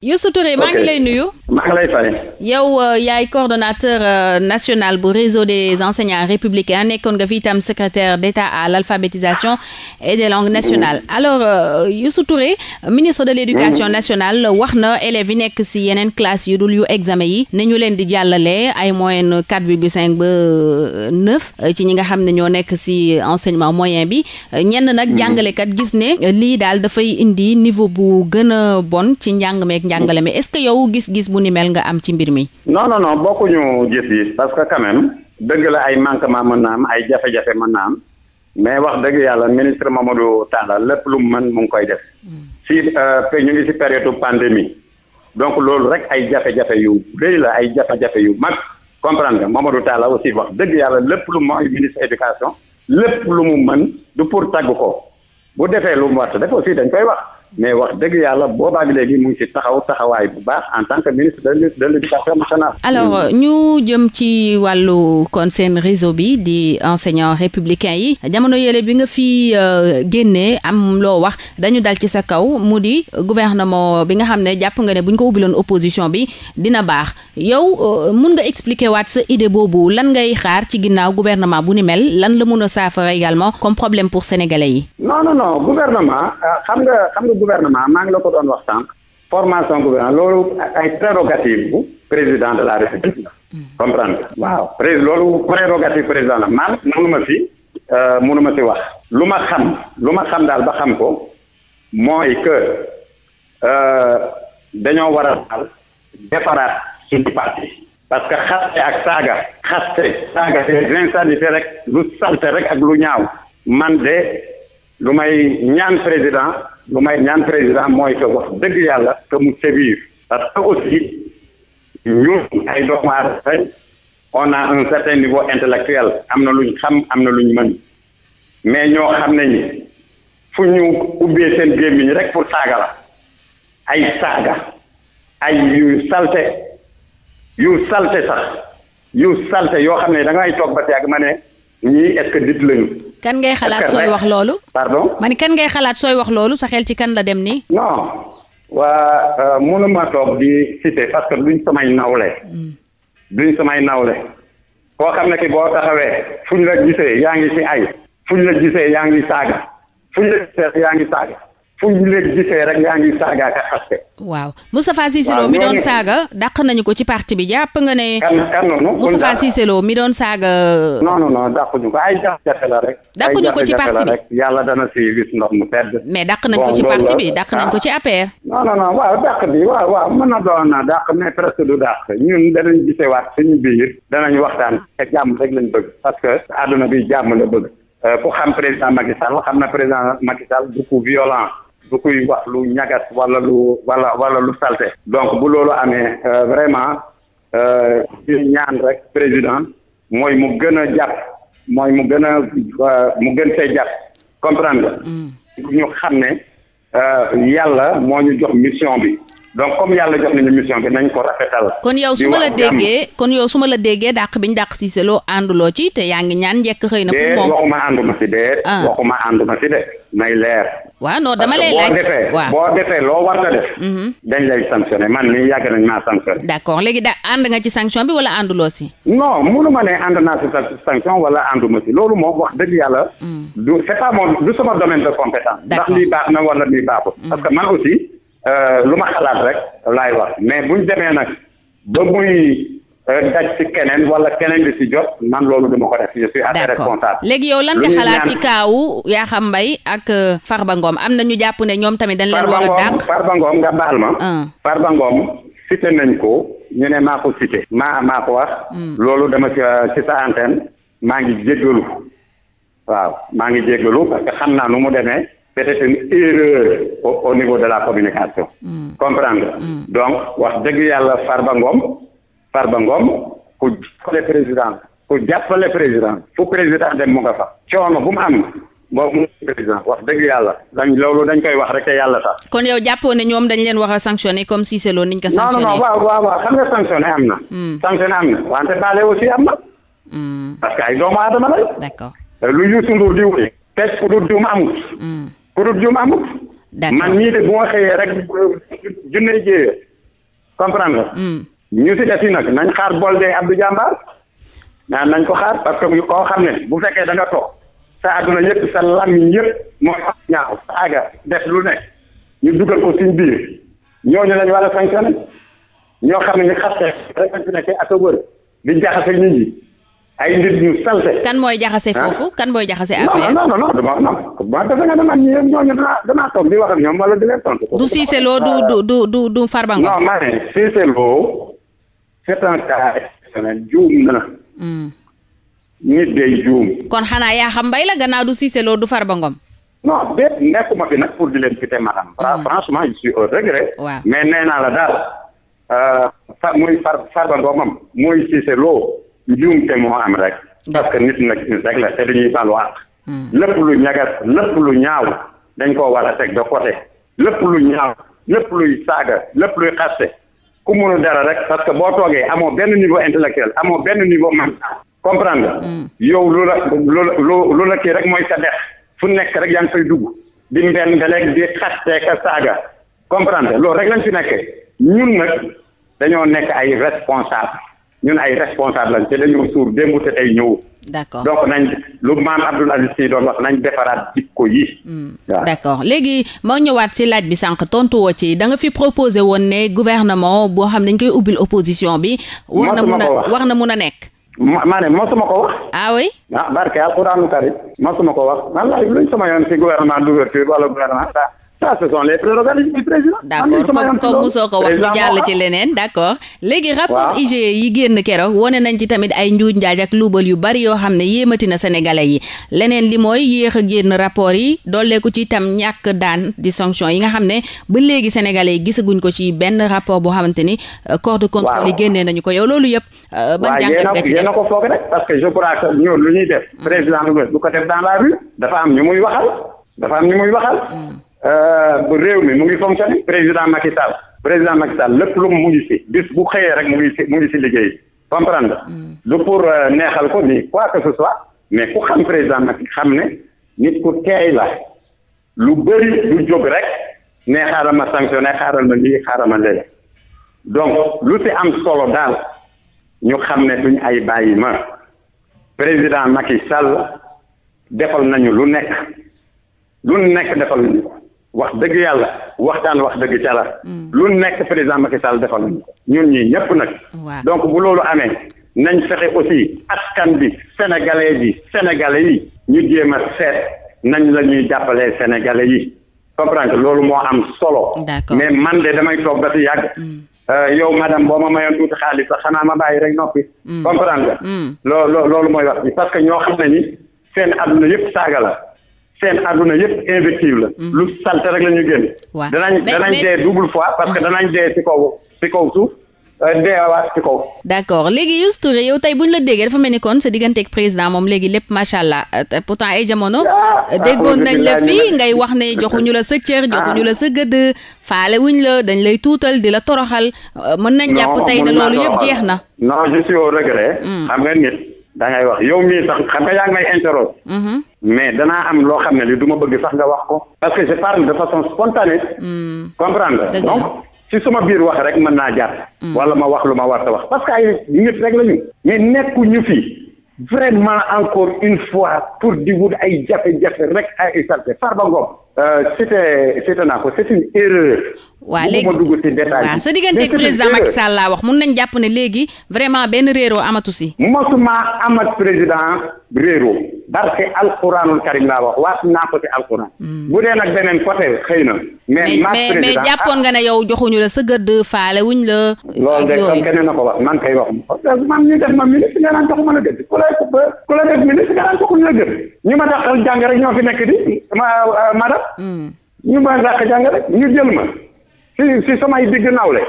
Youssou Touré maa ngi lay nuyu. maa ngi lay fay. Euh, yaay coordonnateur euh, national bu réseau des enseignants républicains nekkoon nga fi itam secrétaire d'État à l'alphabétisation et des langues nationales mm. alors euh, Youssou Touré ministre de l'éducation mm. nationale wax na élèves yu nekk ci yeneen classe yu dul yu examen yi ne ñu leen di jàllale ay moyenne quatre virgule cinq ba neuf ci ñi nga xam ne ñoo nekk ci enseignement moyen bi ñenn nag mm. jàngalekat gis ne lii daal dafay indi niveau bu gën a bon ci njàng meek njàngale mi est-ce gis-gis bu ni mel nga am ci mbir mi. non non non bokkuñu gis-gis parce que quand dëgg la ay manquement mën na am ay jafe-jafe mën na am mais wax dëgg yàlla ministre Mamadou Talla lépp lu mu mën mu ngi koy def. si euh, ñu ngi si période pandémie donc loolu rek ay jafe-jafe yu rëy la ay jafe-jafe yu mag comprendre nga Mamadou Talla aussi wax dëgg yàlla lépp lu mooy ministre éducation lépp lu mu mën du pour tagg ko bu defee lu mu war a def mais wax dëgg yàlla boobaa bi léegi mu ngi ci taxaw taxawaay bu baax en tant que ministre de de l'éducation nationale. alors hmm. ñu jëm ci wàllu kon seen réseau bi di enseignants républicains yi jamono yële bi nga fi euh, génnee am loo wax dañu dal ci sa kaw mu di gouvernement bi nga xam ne jàpp nga ne bu ñu ko ubbiloon opposition bi dina baax yow euh, mun nga expliquer waat sa idée boobu lan ngay xaar ci ginnaaw gouvernement bu ni mel lan la mun a saafara également comme problème pour sénégalais yi. non non non gouvernement euh, xam nga xam nga gouvernement maa ngi la ko doon wax sànq formation gouvernement loolu ay prérogative bu président de la république la mm. comprendre waaw pré loolu prérogative président la man mënu ma si euh, mënu ma si wax lu ma xam lu ma xam daal ba xam ko mooy que euh, dañoo war a daal defaraat suñu parti parce que xaste ak saaga xaste saaga des incendies rek lu salte rek ak lu ñaaw man de lu may ñaan président lu may ñaan président mooy que wax dëgg yàlla que mu sévir parce que aussi ñun ay doomu aadama on a un certain niveau intellectuel am na luñ xam am na luñ mën mais ñoo xam ne ñi fu ñu ubbee seen gémmiñ rek pour saaga la ay saaga ay yu salte yu salte sax yu salte yoo xam ne da ngay toog ba yàgg ma ne ñii est dit lañu kan ngay xalaat sooy wax loolu. pardon ma ni kan ngay xalaat sooy wax loolu sa xel ci kan la dem nii. non waa euh, mënuma toog di cité parce que duñ samay nawle. Hmm. duñ samay nawle. koo xam ne ki boo taxawee fuñ la gisee yaa ngi ci ay fuñ la gisee yaa ngi saaga fuñ la gisee yaa ngi saaga. fu ñu leen gisee rek yaa ngi saaga ak xaste waaw Moustapha Cissé Lo doon saaga dàq nañu ko ci parti bi jàpp nga ne. kan kan noonu Moustapha Cissé Lo mi doon saaga. Euh, non non non dàquñu ko ay jafe-jafe la rek. dàquñu ko ci parti bi yàlla dana si gis ndox mu tedd. mais daq nañ ko ci parti bi dàq nañ ah. ko ci APR. non non non waaw dàq bi waaw waaw mën na doon na dàq mais presque du dàq ñun danañ gisewaat suñu biir danañ waxtaan te jàmm rek lañ bëgg parce que àdduna bi jàmm la bëgg euh, ku xam président Macky Sall xam na président Macky Sall du du kuy wax lu ñagas wala lu wala wala lu salte donc bu loolu amee euh, vraiment ñu euh, ñaan rek président mooy mu gën a jàpp mooy mu gën a euh, mu gën see jàpp comprendre mm. ñu xam ne yàlla moo ñu jox mission bi donc comme yàlla jox nañu mission bi nañ ko rafetal. kon yow su ma la déggee kon yow su ma la déggee dàq bi ñu dàq Cissé Lo ànduloo ci te yaa ngi ñaan njëkk xëy na. pour moom de waxuma ànduma si de. Ah. waxuma ànduma si de nay leer. waaw non dama lay laaj waaw boo defee loo war a def. Mhm. dañ lay sanctionné man nii yàgg nañ maa sanctionné. d' léegi da ànd nga ci sanction bi wala ànduloo si. non munu ma ne ànd naa si sanction wala ànduma si loolu moom wax dëgg yàlla. Mm. du c' est pas du sama domaine de compétence. ndax lii baax na wala lii baaxul. Mm. parce que man aussi. Euh, lu ma xalaat rek laay wax mais buñ demee nag ba muy euh, daj ci keneen wala keneen di ci jot man loolu duma ko def je suis assez responsable léegi yow lan nga xalaat ci kaawu Yakham Mbaye ak euh, Farba Ngom am na ñu jàpp ne ñoom tamit dañ leen war a dàq Farba Ngom nga baal ma ah. Farba Ngom cité nañ ko ñu ne maa ko cité maa maa ko wax hmm. loolu dama ci sa antenne maa ngi jéggalu waaw maa ngi jéggalu parce xam naa nu mu demee c'était une erreur au, au niveau de la communication. Mm. comprendre mm. donc wax dëgg yàlla Farba Ngom Farba Ngom ku jàppale président ku jàppale président fu président dem mu nga fa coono bu mu am moom président wax dëgg yàlla dañ loolu dañ koy wax rek te yàlla sax. kon yow jàppoo ne ñoom dañ leen wax a sanctionné comme si c'est loolu niñ ko sanctionné. a non waaw waaw waaw xam nga sanctionné am na. Mm. sanctionné am na wante baale aussi am na. Mm. parce que ay doomu ku dul juum amut. man nii de bu ma xëyee rek euh, junney jéewee comprendre nga. Hmm. ñu si des yi nag nañ xaar bool dee Abdou Jàmbaar naan nañ ko xaar parce que koo xam ne bu fekkee da nga toog sa àdduna yëpp sa làmmiñ yëpp mooy wax ñaaw saaga def lu nekk ñu dugal ko suñ biir ñooñu lañ war a sanctionné ñoo xam ne ñu xasee rek lañ a wër di jaxase nit ñi. ay nit ñu salte kan mooy jaxase foofu kan mooy jaxase APR non non non dama non ma defe nga dama ñi ñooñu danaa danaa di wax ak ñoom di leen tontu du Cissé Lo du du du du du Ngom non ma hmm. kon xanaa yaa xam mbay la gannaaw du du Farba Ngom non déet nekkuma fi nag pour di leen pité madame hmm. franchement je suis au regret waaw mais nee naa la daal euh, muy Farba Ngomam muy Cissé Lo njuumte moo am rek. parce que nit nag nit rek la te dañuy balu àq. Hmm. lépp lu ñagas lépp lu ñaaw dañ koo war a teg de côté lépp lu ñaaw lépp luy saaga lépp luy xaste ku mënu dara rek parce que boo toogee amoon benn niveau intellectuel amoon benn niveau man comprendre hmm. yow lu la lu lu la kii rek mooy sa dex fu nekk rek yaa ngi fay dugg di mbenn daleeg di xaste ka saaga comprendre loolu rek lañ fi nekkee ñun nag dañoo nekk ay responsable ñun ay responsable lañ te dañoo suur démb te tey ñëw. d'accord donc nañ lu maam Abdoul Aziz Sy doon wax nañ defaraat jikko yi. Hmm. waaw léegi moo ñëwaat ci laaj bi sànq tontu woo ci da nga fi proposé woon ne gouvernement boo xam ne dañ koy ubbil opposition bi. war na mun a na mun a nekk. ma maa ne mosuma ko wax. ah oui. ah barke alxuraanu karim mosuma ko wax man laaj luñ sama yoon ci gouvernement d'ouverture wala gouvernement daa. ça ce sont les prérogatives du président. comme comme ko wax ñu jàll ci leneen d' accord. léegi rapport IGE yi génn keroog wone nañ ci tamit ay njuuj njaaj ak luubal yu bari yoo xam ne yéemati na sénégalais yi leneen li mooy yéex a génn rapport yi dolleeku ci tam ñàkk daan di sanction yi nga xam ne ba léegi sénégalais yi gisaguñ ko ci benn rapport boo xamante ni. Euh, corps de contrôle yi génnee nañu ko yow loolu yëpp. Euh, ban jàngat nga ci def ko foog rek parce que je crois que ñun lu ñuy def. président bu ko def dans bu euh, réew mi mu ngi fonctionné président Macky Sall président Macky Sall lépp lu mu ngi si bis bu xëyee rek mu ngi ci mu ngi si liggéey comprendre lu mm. pour euh, neexal ko ni quoi que ce soit mais ku xam président Macky xam ne nit ku teey la lu bëri du jóg rek ne xaaral ma sanctionné xaaral ma lii xaaral ma léegi donc lu si am solo daal ñu xam ne duñ ay bàyyi ma président Macky Sall defal nañu lu nekk lu nekk defal nañu wax dëgg yàlla waxtaan wax dëgg ca la. Mm. lu nekk président Macky Sall defal nañu ñun ñii ñëpp nag. donc bu loolu amee nañ fexe aussi askan bi sénégalais bi sénégalais yi ñu jéem a seet nañ la ñuy jàppalee sénégalais yi comprendre loolu moo am solo. mais man de damay toog ba si yàgg. Mm. Euh, yow madame boo ma mayoon tuuti xaalis sax xanaa ma bàyyi rek noppi. Mm. comprendre loolu loolu mooy wax bi parce que ñoo xam ne ni seen àdduna yëpp saaga la. seen àdduna yëpp invective la. Mm-hmm. lu salte rek la ñu génn. waaw danañ danañ dee double fois parce que mm-hmm. danañ dee ci kaw ci kaw suuf euh, deewaat ci kaw. d'accord léegi Youssou Touré yow tey bu ñu la déggee dafa mel ni kon sa digganteek président moom léegi lépp macha allah euh, pourtant ay jamono. Ah, ah, déggoon nañ la fii ngay wax ne joxuñu la sa cër. Ah. joxuñu la sa gëdd. faale wuñ la dañ lay tuutal di la toroxal. Euh, mën nañ jàpp tey ne loolu yëpp jeex na. non je au regret. Mm. xam nga nit. da ngay wax yow mii sax xam nga yaa ngi may interroge. Mhm. mais danaa am loo xam ne li du ma bëgg sax nga wax ko. parce que je parle de façon spontanée. Mhm. comprendre donc ci suma biir wax rek mën naa jàpp. Mhm. wala ma wax lu ma war a wax parce que ay nit rek la ñu. mais nekkuñu fii. vraiment encore une fois pour di wut ay jafe-jafe rek ay salte Farba Ngom. Euh, cité cité naa ko c'est une erreur. waaw léegi ma dugg ci détail waaw sa digganteeg président Macky Sall laa wax mun nañ jàpp ne léegi vraiment benn réeroo amatu si. mosuma amat président réeroo barke alquranul karim laa wax waat naa ko ci alquran. Hmm. bu dee nag beneen côté xëy na. mais mais jàppoon nga ne yow joxuñu la sa gëdd faale wuñ la. loolu de kon keneen na ko wax man kay wax man ñu def ma ministre nga naan la gëdd ku la ku la joxuñu la gëdd ñu ma dàqal jàng rek ñoo fi nekk di ma euh, madame. ñu ma dàq jàng rek ñu jël ma si si samay digg nawle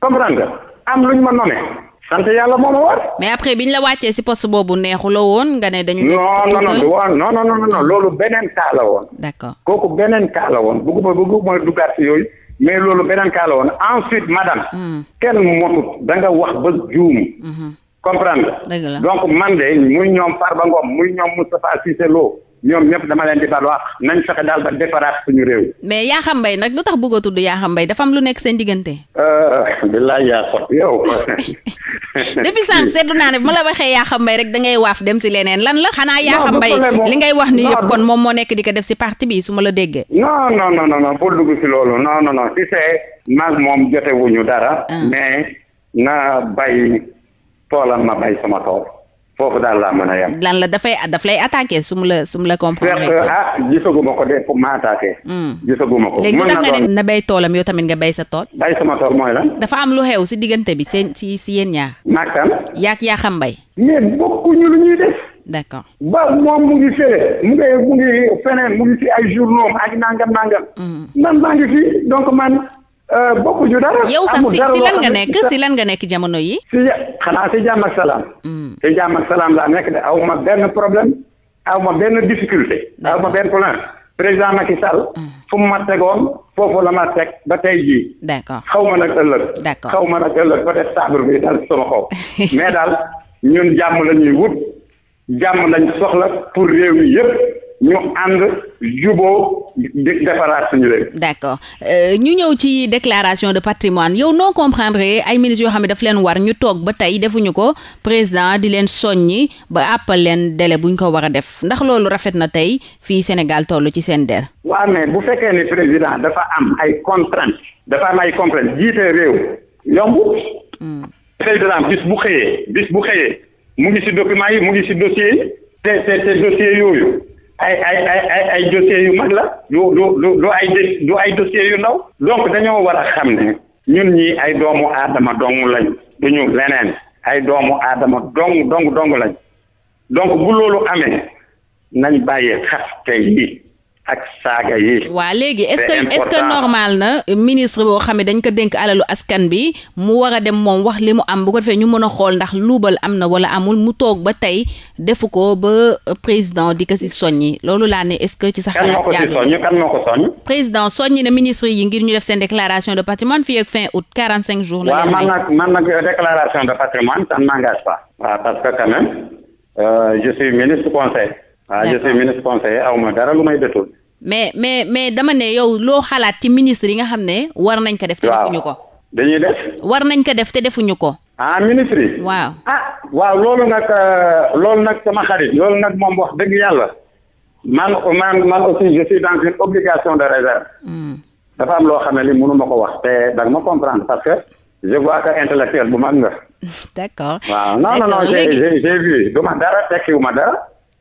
comprendre nga am lu ñu ma nomee sant yàlla moo a war mais après bi ñu la wàccee si poste boobu neexuloo woon nga ne dañu. non non non non non loolu beneen kaa la woon. d'accord kooku beneen kaa la woon bëgguma bëgguma duggaat si yooyu mais loolu beneen kaa la woon ensuite madame. Hmm. kenn motut da nga wax ba juum. Hmm. comprendre donc man de muy ñoom Farba Ngom muy ñoom Moustapha Cissé Lo. ñoom ñëpp dama leen di bal wax nañ fexe daal ba defaraat suñu réew. mais Yakham Mbaye nag lu tax bëgg a tudd Yakham Mbaye dafa am lu nekk seen diggante. Euh, billaay yaa xot yow. depuis sànq naa ne bu ma la waxee Yakham Mbaye rek da ngay waaf dem si leneen lan la. xanaa Yakham Mbaye li ngay wax ni yëpp kon moom moo nekk di ko def si parti bi su ma la déggee. non no non non bul dugg si loolu non non non si c'est maag moom jotewuñu dara. Ah. mais na bay toolam ma bay sama foofu daal laa mën a yam lan la dafay daf lay attaqué su mu la su mu la comprendre ah gisaguma ko de pour ma attaqué hmm. léegi tax nga ne na béy toolam yow tamit nga béy sa tool béy sama tool mooy lan dafa am lu xew si diggante bi seen si si yéen ñaar maagtan yaag yaa xam mbay mais bokkuñu lu ñuy def d'accord ba moom mu ngi fële mu ngi mu ngi feneen mu ngi si ay journaux ak nangam nangam hmm. man maa ngi fii donc man Euh, bokkuñu dara. yow sax si si lan nga nekk si lan nga nekk jamono yi. si ja xanaa si jàmm ak salaam. Hmm. si jàmm ak salaam laa nekk de aw ma benn problème aw ma benn difficulté. aw ma benn problème président Macky Sall. Hmm. fu mu ma tegoon foofu la ma teg ba tey jii. d' accord xaw ma nag ëllëg. d' xaw ma nag ëllëg peut être sabre bi daal sama xaw mais daal ñun jàmm la ñuy wut jàmm lañ soxla pour réew mi yëpp. ñu ànd juboo defaraat suñu réew. d'accord euh, ñu ñëw ci déclaration de patrimoine yow noo comprendre ay ministres yoo xam ne dafa leen war ñu toog ba tey defuñu ko président di leen soññi ba àppal leen délai buñ ko war a def ndax loolu rafet na tey fii Sénégal toll ci seen der. waaw mais bu fekkee ne président dafa am ay contraintes dafa am ay contraintes jiite réew yomb. président hmm. bis bu xëyee bis bu xëyee mu ngi ci documents yi mu ngi ci dossiers yi. te te ay ay ay ay dossiers yu mag la du du du du ay du yu ndaw donc dañoo war a xam ne ñun ñi ay doomu aadama dong lañu du leneen ay doomu aadama dong dong dong lañu donc bu loolu amee nañ bàyyee xas tey yi ak saaga yi. waa léegi est-ce est-ce na ministre boo xam ne dañ ko dénk alalu askan bi mu war a dem moom wax li mu am bu ko defee ñu mën a xool ndax luubal am na wala amul mu toog ba tey defu ko ba président di ko si yi loolu laa ne est-ce que ci sa xalaat jaaduwul kan moo ko soññ président soññi na ministre yi ngir ñu def seen déclaration de patrimoine fii ak fin août quarante cinq jours. la man nag man nag euh, déclaration de patrimoine ça ne m'engage pas. waaw parce que quand même euh, je suis waaw ah, je suis ministre conseiller aw ma dara lu may détour. mais mais mais dama ne yow loo xalaat ci ministre yi nga xam ne war nañ ko def. te defuñu ko dañuy def. war nañ ko def te defuñu ko. ah ministre yi. waaw ah waaw loolu nag euh, loolu nag sama xarit. loolu nag moom wax dëgg yàlla. man man man aussi je suis dans une obligation de réserve. Hmm. dafa am loo xam ne li mënu ma ko wax. te da ma comprendre parce que. je vois que intellectuel bu mag nga. d'accord. waaw non non non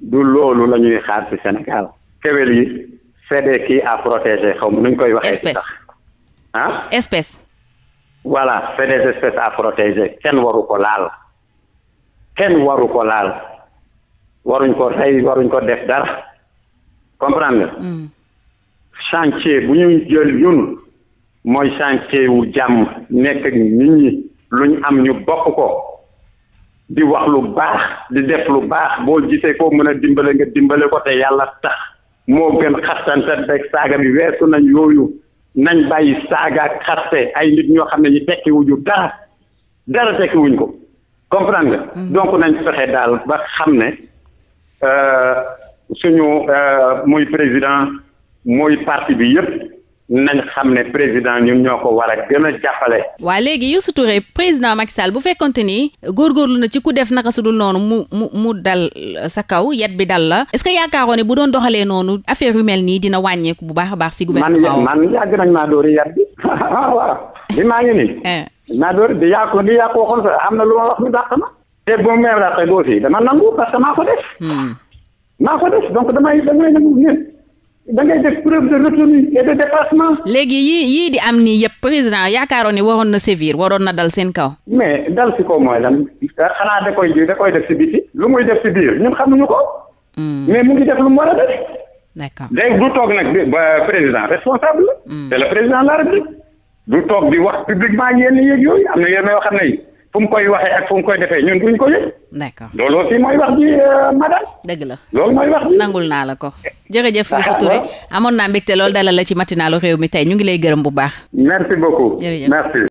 du loolu la ñuy xaar ci Sénégal kéwél yi c'est kii à protéger xaw ma nuñ koy waxee ci sax ah espèce voilà c'est des espèces à protéger kenn waru ko laal kenn waru ko laal waruñ ko rey waruñ ko def dara comprendre nga hmm. bu ñuy jël ñun mooy chantier wu jàmm nekk nit ñi luñ am ñu bokk ko di wax lu baax di def lu baax boo gisee koo mën a dimbale nga dimbale ko te yàlla tax moo gën xastante beeg saaga bi weesu nañ yooyu nañ bàyyi saaga ak xaste ay nit ñoo xam ne ñu tekki wuñu dara dara tekki wuñ ko comprend mm. donc nañ fexe daal ba xam ne euh, suñu euh, muy président mooy parti bi yëpp. nañ xam ne président ñun ñoo ko war a gën a jàppale. waa léegi Youssou Touré président Macky Sall bu fekkonte ni góorgóorlu na ci ku def naka su dul noonu mu mu mu dal euh, sa kaw yet bi dal la est-ce que yaakaaroon ne bu doon doxalee noonu affaire yu mel nii dina wàññeeku bu baax a baax. si gouvernement man man yàgg a maa dóori yet bi ah, waaw bi maa ngi nii. Eh. maa dóori di yàqu di yàqu waxoon am na lu ma wax ñu dàq ma. te bu ma dàqee doo fi dama nangu parce que maa ko def. Hmm. maa ko da ngay def preuve de retenue et de dépassement. léegi yii yii di am nii yëpp président yaakaaroon ni waroon na sévir waroon na dal seen kaw. mais dal si kaw mooy lan. xanaa da koy da koy def si biti. lu muy def si biir ñun xamuñu ko. Hmm. mais mu ngi def lu mu war a def. du toog nag ba président responsable la. Hmm. président la République. du toog di wax publiquement yenn yooyu am na yenn yoo xam yi fu mu koy waxee ak fu mu koy defee ñun duñ ko yëg. d'accord loolu aussi mooy wax ji euh, madame. dëgg la loolu mooy wax nangul naa la ko. jërëjëf Youssou ah, Touré amoon naa mbégte loolu dalal la ci matinalu réew mi tey ñu ngi lay gërëm bu baax. merci beaucoup jërëjëf merci.